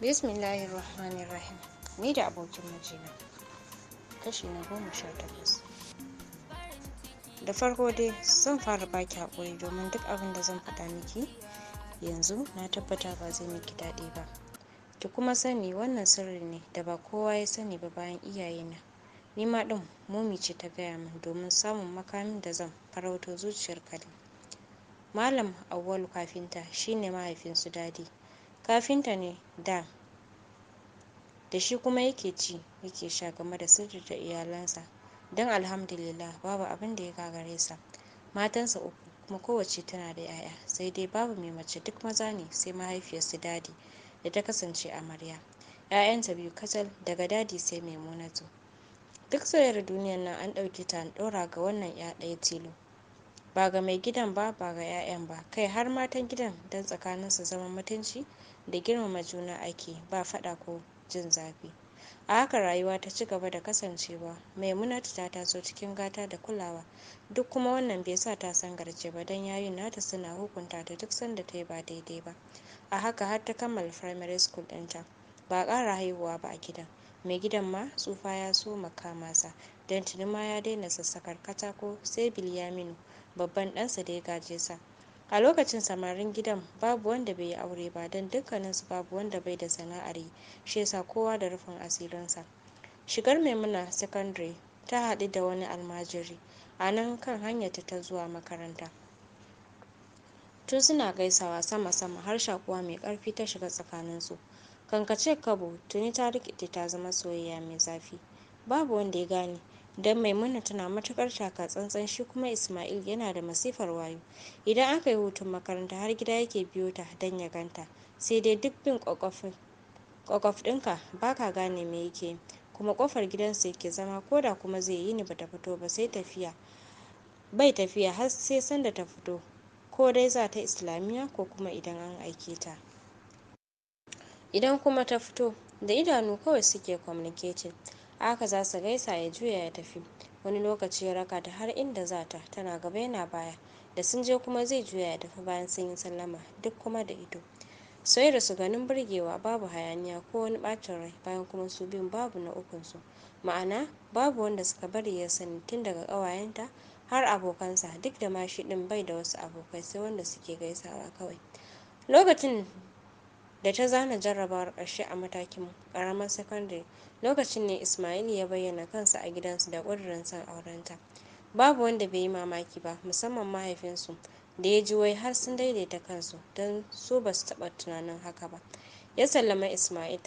rahim Ni da abokin mijina. Kashi na goma sha takwas. Da farko dai zan fara baki haƙuri domin duk abin da zan faɗa miki yanzu na tabbata ba zai miki daɗi ba. Ki kuma sani wannan sirri ne da ba kowa ya sani ba bayan iyayena. Ni ma ɗin Mumi ce ta gaya min domin samun makamin da zan farauto zuciyar kali Malam Auwalu kafinta shine mahaifinsu Dadi. kafinta ne da da shi kuma yake ci yake sha game da sirri da iyalansa don alhamdulillah babu abin da ya gagare sa matansa uku kuma kowace tana da 'ya'ya sai dai babu mai mace duk maza ne sai mahaifiyarsu dadi da ta kasance amarya 'ya'yanta biyu kacal daga dadi sai mai maimunatu duk soyayyar duniyar nan an ɗauki ta an ɗora ga wannan 'ya ɗaya tilo ba ga mai gidan ba ba ga 'ya'yan ba kai har matan gidan don tsakaninsu zama mutunci da girmama juna ake ba faɗa ko jin zafi a haka rayuwa ta ci gaba da kasancewa maimunatu ta taso cikin gata da kulawa duk kuma wannan bai sa ta sangarce ba don yayin nata suna hukunta ta duk sanda ta yi ba daidai ba a haka har ta kammala firamare school ɗinta ba a ƙara haihuwa ba a gidan mai gidan ma tsufa ya so makamasa don tuni ma ya daina sassakar katako sai bilyaminu babban ɗansa da ya gaje sa a lokacin samarin gidan babu wanda bai yi aure ba don dukkaninsu babu wanda bai da sana'ar yi shi yasa kowa da rufin asirinsa shigar maimuna secondary ta haɗu da wani almajiri a nan kan hanyarta ta zuwa makaranta tun suna gaisawa sama-sama har shakuwa mai ƙarfi ta shiga tsakaninsu kankace kabo tuni ta rikide ta zama soyayya mai zafi babu wanda ya gane don maimuna tana matukar taka tsantsan shi kuma ismail yana da masifar wayo idan aka yi hutun makaranta har gida yake biyo ta don ya ganta sai dai duk bin kwakwaf ɗinka ba ka gane me yake kuma kofar gidansa yake zama koda kuma zai yi ni bata fito ba sai tafiya bai tafiya har sai sanda ta fito ko dai za ta islamiyya ko kuma idan an aike ta idan kuma ta fito da idanu kawai suke communicating Haka za su gaisa ya juya ya tafi. Wani lokaci ya raka ta har inda za ta, tana gaba yana baya. Da sun je kuma zai juya ya tafi bayan sun yi sallama duk kuma da ido. Sai da su ganin burgewa babu hayaniya ko wani bacin rai bayan kuma su biyun babu na ukunsu. Ma'ana babu wanda suka bari ya sani tun daga ƙawayenta har abokansa duk da ma shi ɗin bai da wasu abokai sai wanda suke gaisawa kawai. Lokacin da ta zana jarrabawar ƙarshe a matakin ƙaramar sakandare lokacin ne ismail ya bayyana kansa a gidansu da ƙudurin son aurenta babu wanda bai yi mamaki ba musamman mahaifinsu da ya ji wai har sun daidaita kansu don su ba su taɓa tunanin haka ba ya sallama ismail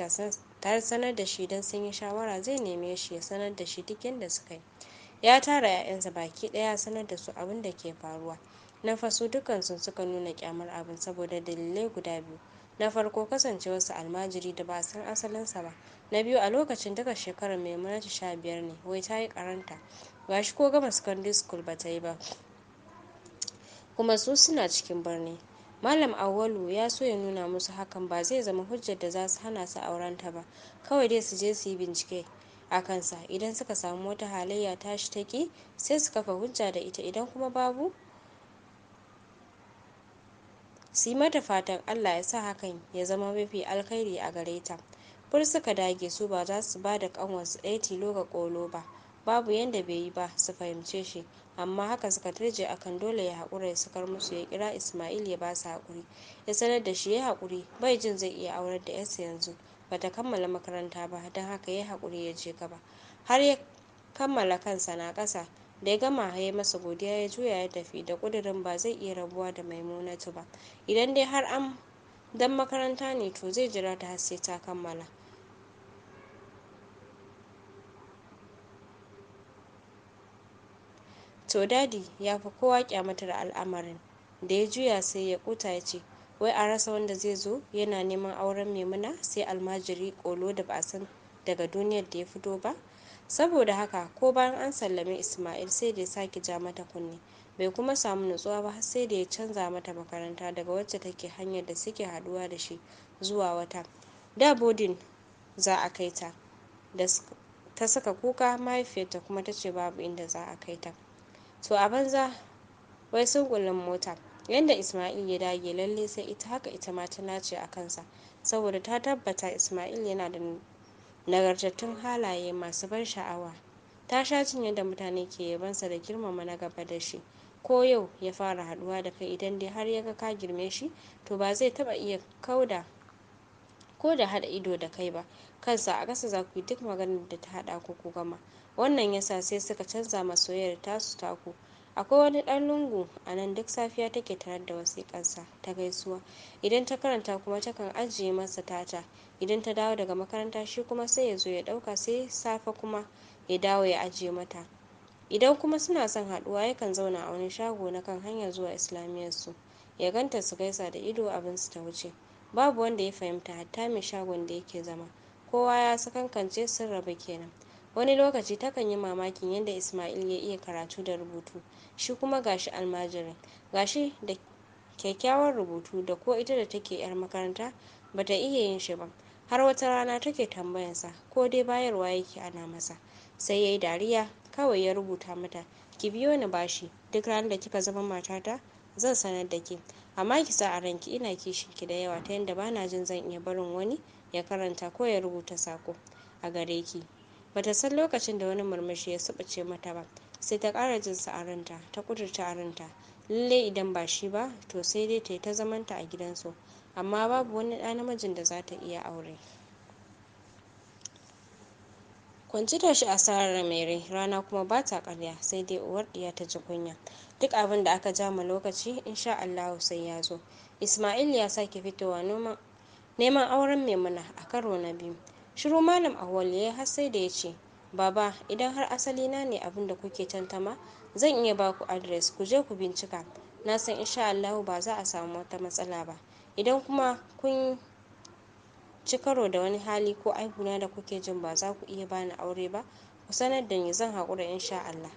tare sanar da shi don sun yi shawara zai neme shi ya sanar da shi duk yadda suka yi ya tara 'ya'yansa baki ɗaya sanar da su abin da ke faruwa na faso dukansu suka nuna kyamar abin saboda dalilai guda biyu na farko kasancewarsa almajiri da ba a san asalinsa ba na biyu a lokacin daga shekarar maimunatu sha biyar ne wai ta yi karanta ga shi ko gama secondary school ba ta yi ba kuma su suna cikin birni malam awwalu ya so ya nuna musu hakan ba zai zama hujjar da za su hana su aurenta ba kawai dai su je su yi bincike a kansa idan suka samu wata halayya tashi ta ki sai su kafa hujja da ita idan kuma babu su yi mata fatan allah ya sa hakan ya zama mafi alkhairi a gare ta fur suka dage su ba za su ba da kanwarsu daya tilo ga kolo ba babu yadda bai yi ba su fahimce shi amma haka suka turje akan dole ya haƙura ya sakar musu ya kira ismail ya ba su haƙuri ya sanar da shi ya haƙuri bai jin zai iya aurar da yarsa yanzu ba ta kammala makaranta ba don haka ya haƙuri ya je gaba har ya kammala kansa na ƙasa da ya gama ya yi masa godiya ya juya ya tafi da ƙudurin ba zai iya rabuwa da ta ba idan dai har an dan makaranta ne to zai jira ta har sai ta kammala to dadi ya fi kowa kyamatar al'amarin da ya juya sai ya kuta ya ce wai a rasa wanda zai zo yana neman auren maimuna sai almajiri kolo da ba san daga duniyar da ya fito ba saboda haka ko bayan an sallame ismail sai da ya sake ja mata kunne bai kuma samu nutsuwa ba har sai da ya canza mata makaranta daga wacce take hanyar da suke haduwa da shi zuwa wata da bodin za a kai ta ta saka kuka mahaifiyarta kuma ta ce babu inda za a kai ta to a banza wai sunkulin mota yadda ismail ya dage lalle sai ita haka ita ma ta nace a kansa saboda ta tabbata ismail yana da nagartattun halaye masu ban sha'awa ta sha cin yadda mutane ke yabansa da girmama na gaba da shi ko yau ya fara haduwa da kai idan dai har ya ga ka girme shi to ba zai taba iya kauda ko da haɗa ido da kai ba kansa a ƙasa za ku yi duk maganar da ta haɗa ku ku gama wannan ya sa sai suka canza ma soyayyar tasu taku akwai wani dan lungu a nan duk safiya take tarar da wasikarsa ta gaisuwa idan ta karanta kuma takan ajiye masa tata idan ta dawo daga makaranta shi kuma sai ya zo ya dauka sai safe kuma ya dawo ya ajiye mata idan kuma suna son haɗuwa yakan zauna a wani shago na kan hanyar zuwa islamiyyar su ya ganta su gaisa da ido abin su ta wuce babu wanda ya fahimta hatta mai shagon da yake zama kowa ya sakankance sun rabu kenan Wani lokaci takan yi mamakin yadda Ismail ya iya karatu da rubutu, shi kuma gashi shi almajirin, ga da kyakkyawan rubutu da ko ita da take 'yar makaranta ba ta iya yin shi ba. Har wata rana take tambayarsa ko dai bayarwa yake ana masa, sai yayi dariya kawai ya rubuta mata, ki biyo ni bashi, duk ranar da kika zama matata zan sanar da ke, amma ki sa a ranki ina ki da yawa ta yadda bana jin zan iya barin wani ya karanta ko ya rubuta sako a gare ki. bata san lokacin da wani murmushi ya subuce mata ba sai ta kara jin sa a ta kudurta a ranta lalle idan ba shi ba to sai dai ta yi ta zamanta a gidansu amma babu wani ɗa namijin da za ta iya aure kwanci tashi asarar mere rana kuma ba ta karya sai dai uwar ɗiya ta ji kunya duk abin da aka ja ma lokaci insha allahu sai ya zo ismail ya sake fitowa neman auren maimuna a karo na biyu shiru malam awwal yayi har sai da ya ce baba idan har asali na ne abin da kuke tantama zan iya baku ku adres ku je ku bincika na san insha Allah ba za a samu wata matsala ba idan kuma kun ci karo da wani hali ko aibuna da kuke jin ba za ku iya bani aure ba ku sanar da ni zan haƙura insha Allah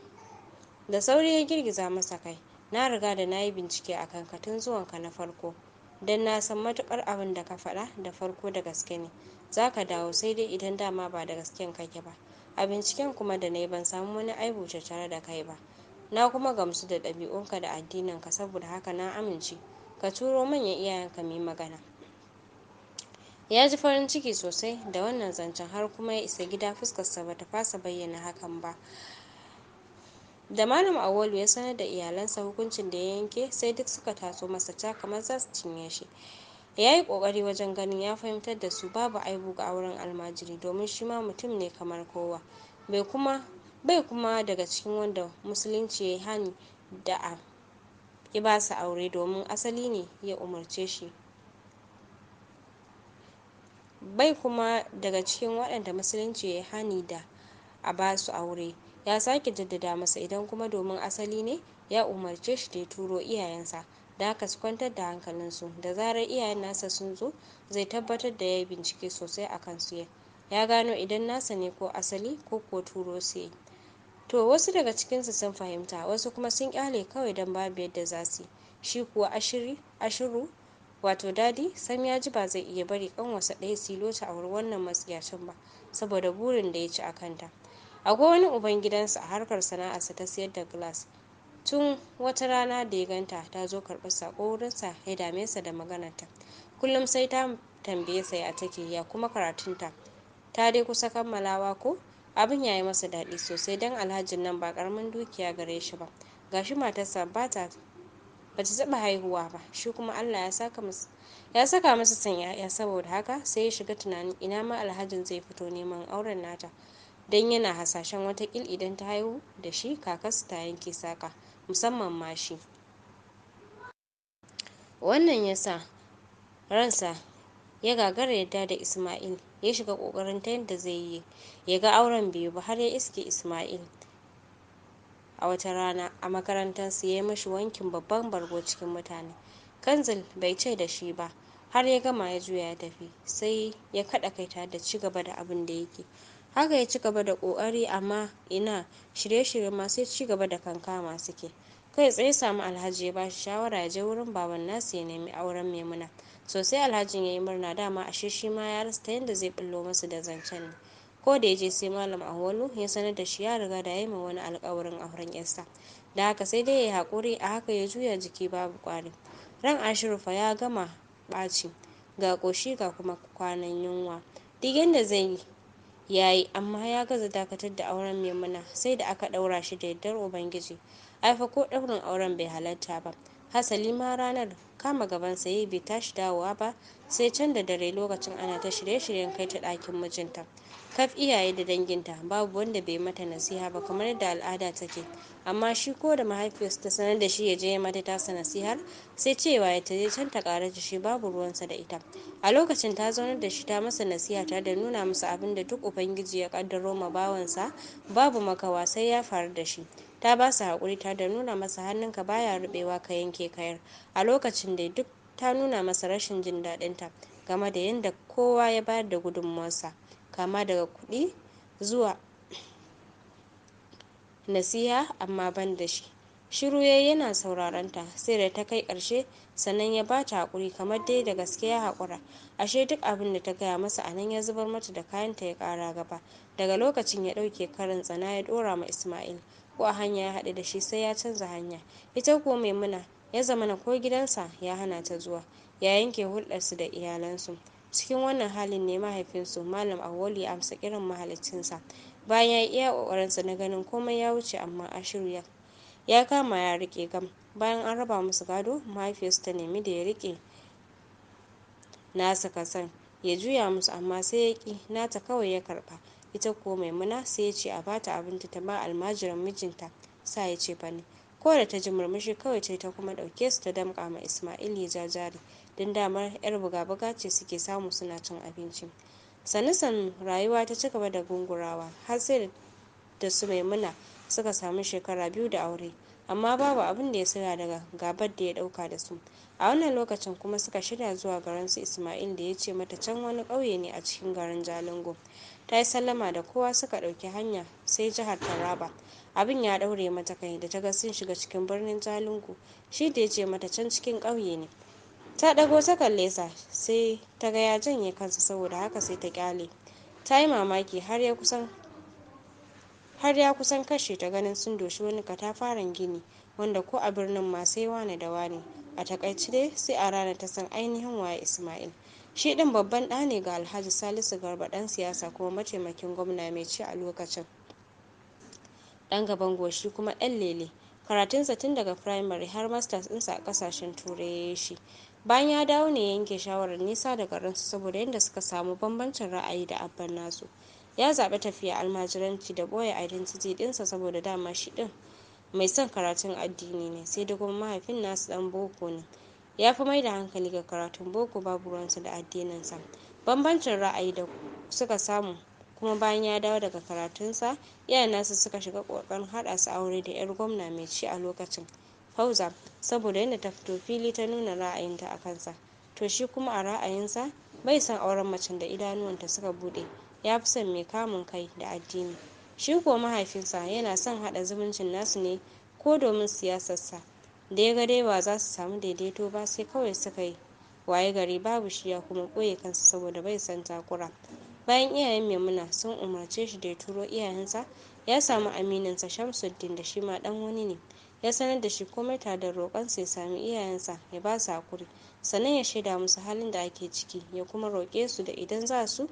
da sauri ya girgiza masa kai na riga da na yi bincike a ka tun zuwanka na farko don na san matuƙar abin da ka faɗa da farko da gaske ne za ka dawo sai dai idan dama ba da gasken kake ba a binciken kuma da na yi ban samu wani aibu tattare da kai ba na kuma gamsu da ɗabi'unka da addininka saboda haka na amince ka turo manyan iyayenka mu yi magana ya ji farin ciki sosai da wannan zancen har kuma ya isa gida fuskarsa ba ta fasa bayyana hakan ba da malam awolu ya sanar da iyalansa hukuncin da ya yanke sai duk suka taso masa ca kamar za su cinye shi ya yi ƙoƙari wajen ganin ya fahimtar da su babu aibu ga auren almajiri domin shi ma mutum ne kamar kowa bai kuma bai kuma daga cikin wanda musulunci ya yi hani da a ba su aure domin asali ne ya umarce shi bai kuma daga cikin waɗanda musulunci ya hani da a ba su aure ya sake jaddada masa idan kuma domin asali ne ya umarce shi da ya turo iyayensa da haka su kwantar da hankalinsu da zarar iyayen nasa sun zo zai tabbatar da ya yi bincike sosai a kansu ya gano idan nasa ne ko asali ko kuwa turo su yi to wasu daga cikinsu sun fahimta wasu kuma sun kyale kawai don babu yadda za su yi shi kuwa ashiri ashiru wato dadi sam ya ji ba zai iya bari kanwarsa ɗaya silo a auri wannan matsiyacin ba saboda burin da ya ci a kanta akwai wani uban gidansa a harkar sana'arsa ta sayar da glass tun wata rana da ya ganta ta zo karɓar saƙo wurinsa ya dame sa da maganarta kullum sai ta tambaye sa ya take ya kuma karatunta ta dai kusa kammalawa ko abin ya yi masa daɗi sosai don alhajin nan ba ƙaramin dukiya gare shi ba gashi matarsa ba ta ta taɓa haihuwa ba shi kuma allah ya saka masa ya saka masa son ya'ya saboda haka sai ya shiga tunanin ina ma alhajin zai fito neman auren nata don yana hasashen watakil idan ta haihu da shi kakarsu ta yanke saƙa musamman ma shi wannan ya sa ransa ya gagara yadda da Ismail ya shiga ƙoƙarin ta yadda zai yi ya ga auren bai ba har ya iske Ismail a wata rana a makarantar su ya yi mashi wankin babban bargo cikin mutane kanzil bai ce da shi ba har ya gama ya juya ya tafi sai ya kaɗa kai tare da ci gaba da abin da yake haka ya ci gaba da ƙoƙari amma ina shirye-shirye masu sai ci gaba da kankama suke kai tsaye samu alhaji ya bashi shawara ya je wurin baban nasu ya nemi auren maimuna sosai alhajin ya yi murna dama ashe shi ma ya rasa ta yadda zai ɓullo masu da zancen ne ko da ya je sai malam awwalu ya sanar da shi ya riga da ya ma wani alkawarin auren yarsa da haka sai dai ya yi hakuri a haka ya juya jiki babu ƙwari ran ashirufa ya gama ɓaci ga ƙoshi ga kuma kwanan yunwa duk yadda zai yi yayi amma ya gaza dakatar da auren maimuna sai da aka ɗaura shi da yardar ubangiji ai ko ɗaurin auren bai halatta ba hasali ma ranar kama gaban saye bai tashi dawowa ba sai can da dare lokacin ana ta shirye-shiryen kai ta ɗakin mijinta kaf iyaye da danginta babu wanda bai mata nasiha ba kamar yadda al'ada take amma shi ko da mahaifiyarsa ta sanar da shi ya je mata tasa nasihar sai cewa ya taje can ta kara da shi babu ruwansa da ita a lokacin ta zaunar da shi ta masa nasiha ta da nuna masa abin da duk ubangiji ya kaddaro ma bawansa babu makawa sai ya faru da shi ta basu su haƙuri ta da nuna masa hannunka baya rubewa ka yanke kayar a lokacin da duk ta nuna masa rashin jin daɗinta game da yadda kowa ya bayar da gudunmawarsa kama daga kuɗi zuwa nasiha amma ban da shi shiru yayi yana sauraron ta sai da ta kai ƙarshe sannan ya bata haƙuri kamar dai da gaske ya haƙura ashe duk abin da ta gaya masa a nan ya zubar mata da kayanta ya ƙara gaba daga lokacin ya ɗauke karin tsana ya ɗora ma Ismail ko a hanya ya haɗu da shi sai ya canza hanya ita kuwa Maimuna ya zamana ko gidansa ya hana ta zuwa ya yanke hulɗarsu da iyalansu cikin wannan halin ne mahaifinsu malam Awoli, ya amsa kiran mahaliccinsa bayan ya yi iya ƙoƙarinsa na ganin komai ya wuce amma a ya ya kama ya riƙe gam bayan an raba musu gado mahaifiyarsu ta nemi da ya rike nasa kasan ya juya musu amma sai ya ƙi nata kawai ya karɓa ita kuwa maimuna sai ya ce a bata abinci ta ba almajiran mijinta sa ya ce fa ko da ta ji murmushi kawai ce ta kuma ɗauke su ta damka ma ismail ya ja jari. don damar 'yar buga-buga ce suke samu suna cin abinci sannu-sannu rayuwa ta ci gaba da gungurawa har sai da su maimuna suka samu shekara biyu da aure amma babu abin da ya tsira daga gabar da ya ɗauka da su a wannan lokacin kuma suka shirya zuwa garin ismail da ya ce mata can wani ƙauye ne a cikin garin jalingo ta yi sallama da kowa suka ɗauki hanya sai jihar taraba abin ya ɗaure mata kai da ta ga sun shiga cikin birnin jalingo shi da ya ce mata can cikin ƙauye ne ta ɗago ta kalle sa sai ta ga ya janye kansa saboda haka sai ta kyale ta yi mamaki har ya kusan har ya kusan kashe ta ganin sun doshi wani katafaren gini wanda ko a birnin ma sai wane da wane a takaice dai sai a rana ta san ainihin waye ismail shi ɗin babban ɗa ne ga alhaji salisu garba ɗan siyasa kuma mataimakin gwamna mai ci a lokacin ɗan gaban goshi kuma ɗan lele karatunsa tun daga firamare har masters ɗinsa a ƙasashen turai ya shi bayan ya dawo ne ya yanke shawarar nisa da garinsu saboda yadda suka samu bambancin ra'ayi da abban nasu ya zaɓi tafiya almajiranci da ɓoye identity ɗinsa saboda dama shi ɗin mai son karatun addini ne sai dai kuma mahaifin nasu ɗan boko ne ya fi mai da hankali ga karatun boko babu ruwansa da addininsa bambancin ra'ayi da suka samu kuma bayan ya dawo daga karatunsa iyayen nasu suka shiga ƙoƙarin haɗa su aure da 'yar gwamna mai ci a lokacin Fauza saboda yadda ta fito fili ta nuna ra'ayinta a kansa to shi kuma a ra'ayinsa bai san auren macen da idanuwanta suka bude ya fi son mai kamun kai da addini shi kuwa mahaifinsa yana son hada zumuncin nasu ne ko domin siyasarsa da ya ga dai ba za su samu daidaito ba sai kawai suka yi waye gari babu shi ya kuma ɓoye kansa saboda bai san takura bayan iyayen maimuna sun umarce shi da ya turo iyayensa ya samu amininsa shamsuddin da shi ma ɗan wani ne ya sanar da shi komai tare da roƙonsa ya sami iyayensa ya ba su haƙuri sannan ya shaida musu halin da ake ciki ya kuma roƙe su da idan za su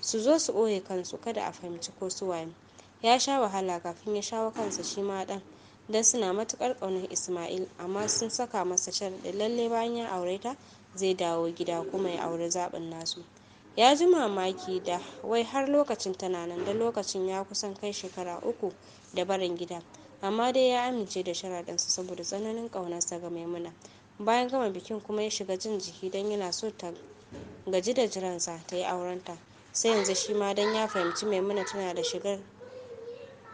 su zo su ɓoye kansu kada a fahimci ko su waye ya sha wahala kafin ya shawo kansa shi ma ɗan don suna matuƙar ƙaunar ismail amma sun saka masa sharaɗi lalle bayan ya aure ta zai dawo gida kuma ya auri zaɓin nasu ya ji mamaki da wai har lokacin tana nan da lokacin ya kusan kai shekara uku da barin gida amma dai ya amince da sharaɗinsa saboda tsananin ƙaunarsa ga maimuna bayan gama bikin kuma ya shiga jin jiki don yana so ta gaji da jiransa ta yi aurenta sai yanzu shi ma don ya fahimci maimuna tana da shigar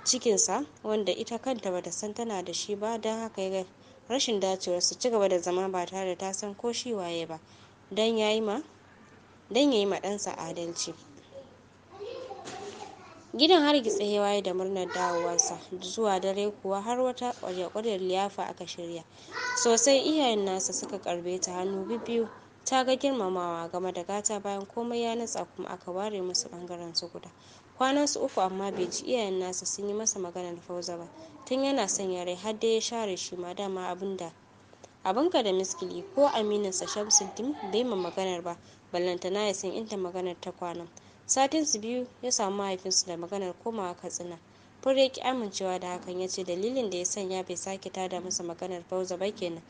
cikinsa wanda ita kanta bata san tana da shi ba don haka ya rashin dacewar su ci gaba da zama ba tare da ta san ko shi waye ba don ya yi ma don ya yi ma ɗansa adalci gidan har gitse waye da murnar dawowarsa zuwa dare kuwa har wata ƙwarya-ƙwaryar liyafa aka shirya sosai iyayen nasa suka karbe ta hannu bibbiyu ta ga girmamawa game da gata bayan komai ya natsa kuma aka ware musu bangaren su guda kwanan su uku amma bai ji iyayen nasa sun yi masa maganar fauza ba tun yana son ya rai har dai ya share shi ma dama abin da abinka da miskili ko amininsa shamsuddin bai ma maganar ba ballantana ya san inda maganar ta kwana satin su biyu ya samu mahaifinsu da maganar komawa katsina fure ki amincewa da hakan ya ce dalilin da ya sanya bai sake tada masa maganar fauza ba kenan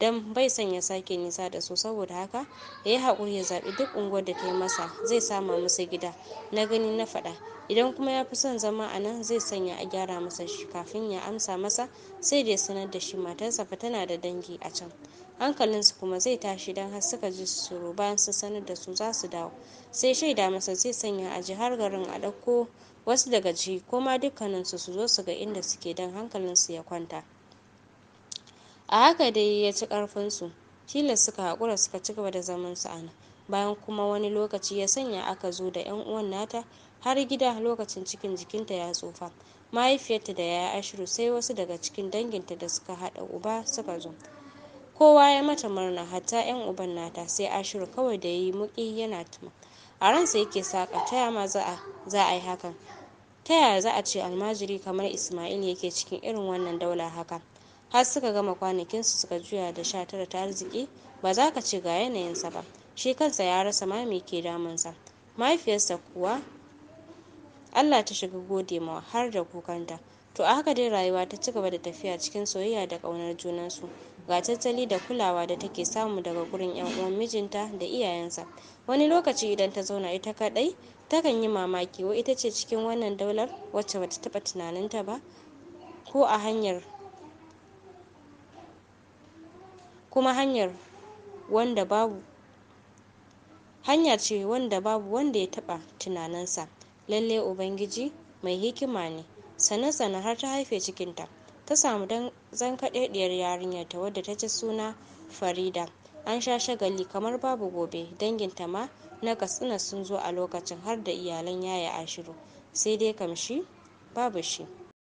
don bai son ya sake nisa da su saboda haka ya yi haƙuri ya zaɓi duk unguwar da ta yi masa zai sama masa gida na gani na faɗa idan kuma ya fi son zama a nan zai sanya a gyara masa shi kafin ya amsa masa sai da ya sanar da shi matarsa fa tana da dangi a can hankalinsu kuma zai tashi don har suka ji tsoro bayan su sanar da su zasu dawo sai shaida masa zai sanya a ji har garin a ɗauko wasu daga ciki ko ma dukkaninsu su zo su ga inda suke don su ya kwanta a haka dai ya ci ƙarfinsu tilas suka haƙura suka ci gaba da zaman su bayan kuma wani lokaci ya sanya aka zo da 'yan uwan nata har gida lokacin cikin jikinta ya tsufa mahaifiyarta da yaya ashiru sai wasu daga cikin danginta da suka haɗa uba suka zo kowa ya mata murna hatta 'yan uban nata sai ashiru kawai da ya yi muƙi yana tuma a ransa yake saƙa ta ma za a yi hakan ta yaya za a ce almajiri kamar ismail yake cikin irin wannan daular haka har suka gama kwanakin su suka juya da sha tara ta arziki ba za ka ce ga yanayinsa ba shi kansa ya rasa ma me ke damunsa mahaifiyarsa kuwa allah ta shiga gode mawa har da kukanta to a haka dai rayuwa ta ci gaba da tafiya cikin soyayya da ƙaunar junansu ga tattali da kulawa da take samu daga gurin yan uwan mijinta da iyayensa wani lokaci idan ta zauna ita kaɗai takan yi mamaki wai ita ce cikin wannan daular wacce bata taɓa tunaninta ba ko a hanyar kuma hanyar wanda babu hanya ce wanda babu wanda ya taɓa tunaninsa lalle ubangiji mai hikima ne sane sane har ta haife cikinta ta samu zankaɗaɗɗiyar yarinyarta wadda ta ci suna farida an sha shagali kamar babu gobe danginta ma na katsina sun zo a lokacin har da iyalan yaya ashiru sai dai kamshi babu shi